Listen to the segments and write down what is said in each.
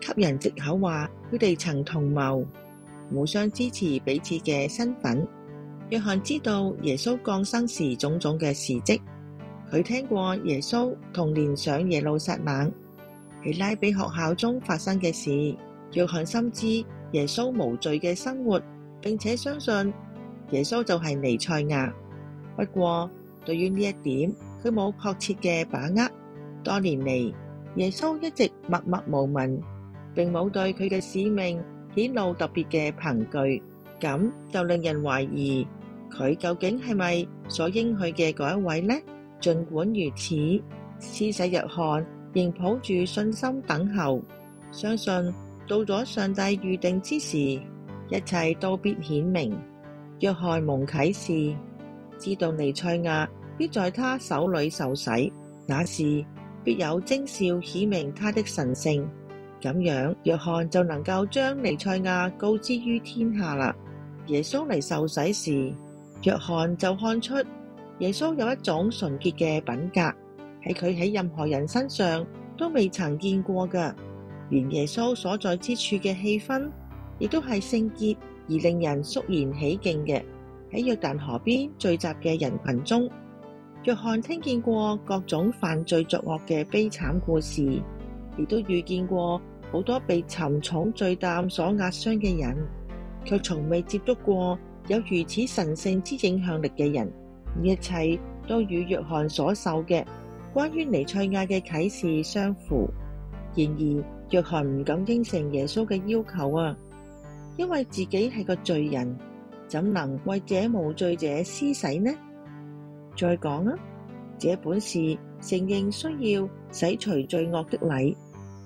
給人藉口話佢哋曾同謀，互相支持彼此嘅身份。約翰知道耶穌降生時種種嘅事蹟，佢聽過耶穌童年上耶路撒冷喺拉比學校中發生嘅事。約翰深知耶穌無罪嘅生活，並且相信耶穌就係彌賽亞。不過，對於呢一點，佢冇確切嘅把握。多年嚟，耶穌一直默默無聞。並冇對佢嘅使命顯露特別嘅憑據，咁就令人懷疑佢究竟係咪所應許嘅嗰一位呢？儘管如此，施洗約翰仍抱住信心等候，相信到咗上帝預定之時，一切都必顯明。約翰蒙啟示，知道尼賽亞必在他手裏受洗，那時必有徵兆顯明他的神性。咁樣，約翰就能夠將彌賽亞告知於天下啦。耶穌嚟受洗時，約翰就看出耶穌有一種純潔嘅品格，喺佢喺任何人身上都未曾見過嘅。原耶穌所在之處嘅氣氛，亦都係聖潔而令人肅然起敬嘅。喺約旦河邊聚集嘅人群中，約翰聽見過各種犯罪作惡嘅悲慘故事。亦都遇見過好多被沉重罪擔所壓傷嘅人，卻從未接觸過有如此神聖之影響力嘅人。一切都與約翰所受嘅關於彌賽亞嘅啟示相符。然而，約翰唔敢應承耶穌嘅要求啊，因為自己係個罪人，怎能為這無罪者施洗呢？再講啊，這本是承認需要洗除罪惡的禮。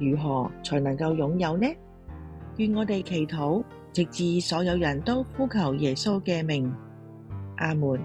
如何才能夠擁有呢？願我哋祈禱，直至所有人都呼求耶穌嘅名。阿門。